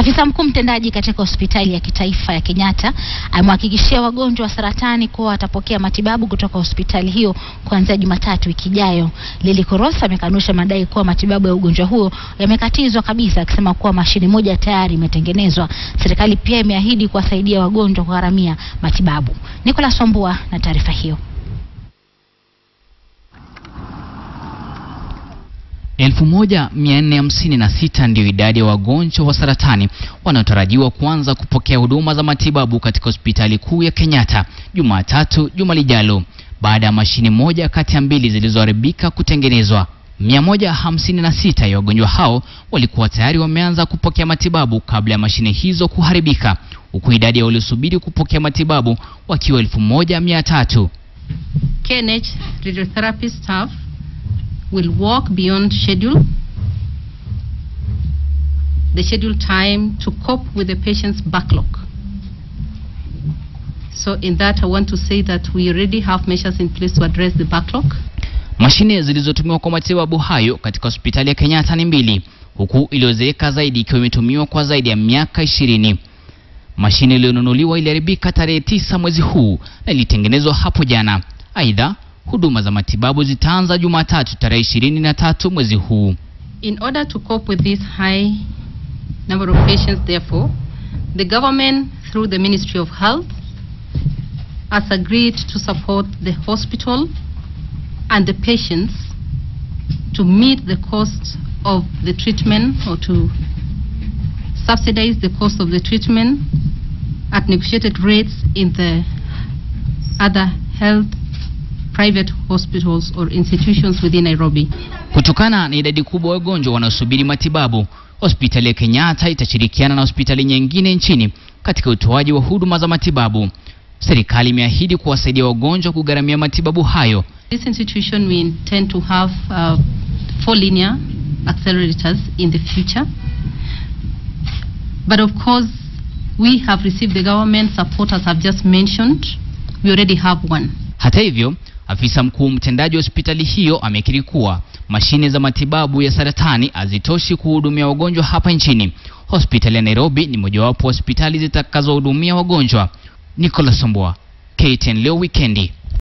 Afisa mkuu mtendaji katika hospitali ya kitaifa ya Kenyatta amewahakikishia wagonjwa wa saratani kuwa watapokea matibabu kutoka hospitali hiyo kuanzia Jumatatu wiki ijayo. lili Korosa amekanusha madai kuwa matibabu ya ugonjwa huo yamekatizwa kabisa, akisema kuwa mashine moja tayari imetengenezwa. Serikali pia imeahidi kuwasaidia wagonjwa kugharamia matibabu. Nicholas Wambua na taarifa hiyo. 1456 ndiyo idadi ya wagonjwa wa saratani wanaotarajiwa kuanza kupokea huduma za matibabu katika hospitali kuu ya Kenyatta Jumatatu juma lijalo baada ya mashine moja kati ya mbili zilizoharibika kutengenezwa. 156 ya wagonjwa hao walikuwa tayari wameanza kupokea matibabu kabla ya mashine hizo kuharibika, huku idadi ya waliosubiri kupokea matibabu wakiwa 1300. KNH radiotherapy staff will work beyond schedule, the schedule time to cope with the patient's backlog. So in that I want to say that we already have measures in place to address the backlog. Mashine zilizotumiwa kwa matibabu hayo katika hospitali ya Kenyatta ni mbili, huku iliyozeeka zaidi ikiwa imetumiwa kwa zaidi ya miaka ishirini. Mashine iliyonunuliwa iliharibika tarehe tisa mwezi huu na ilitengenezwa hapo jana. Aidha, Huduma za matibabu zitaanza Jumatatu tarehe 23 mwezi huu. In order to cope with this high number of patients therefore, the government through the Ministry of Health has agreed to support the hospital and the patients to meet the cost of the treatment or to subsidize the cost of the treatment at negotiated rates in the other health private hospitals or institutions within Nairobi. Kutokana na idadi kubwa ya wagonjwa wanaosubiri matibabu, hospitali ya Kenyatta itashirikiana na hospitali nyingine nchini katika utoaji wa huduma za matibabu. Serikali imeahidi kuwasaidia wagonjwa kugharamia matibabu hayo. This institution we intend to have uh, four linear accelerators in the future. But of course, we have received the government support as I've just mentioned. We already have one. Hata hivyo, Afisa mkuu mtendaji wa hospitali hiyo amekiri kuwa mashine za matibabu ya saratani hazitoshi kuhudumia wagonjwa hapa nchini. Hospitali ya Nairobi ni mojawapo hospitali zitakazohudumia wagonjwa. Nicholas Omboa, KTN leo wikendi.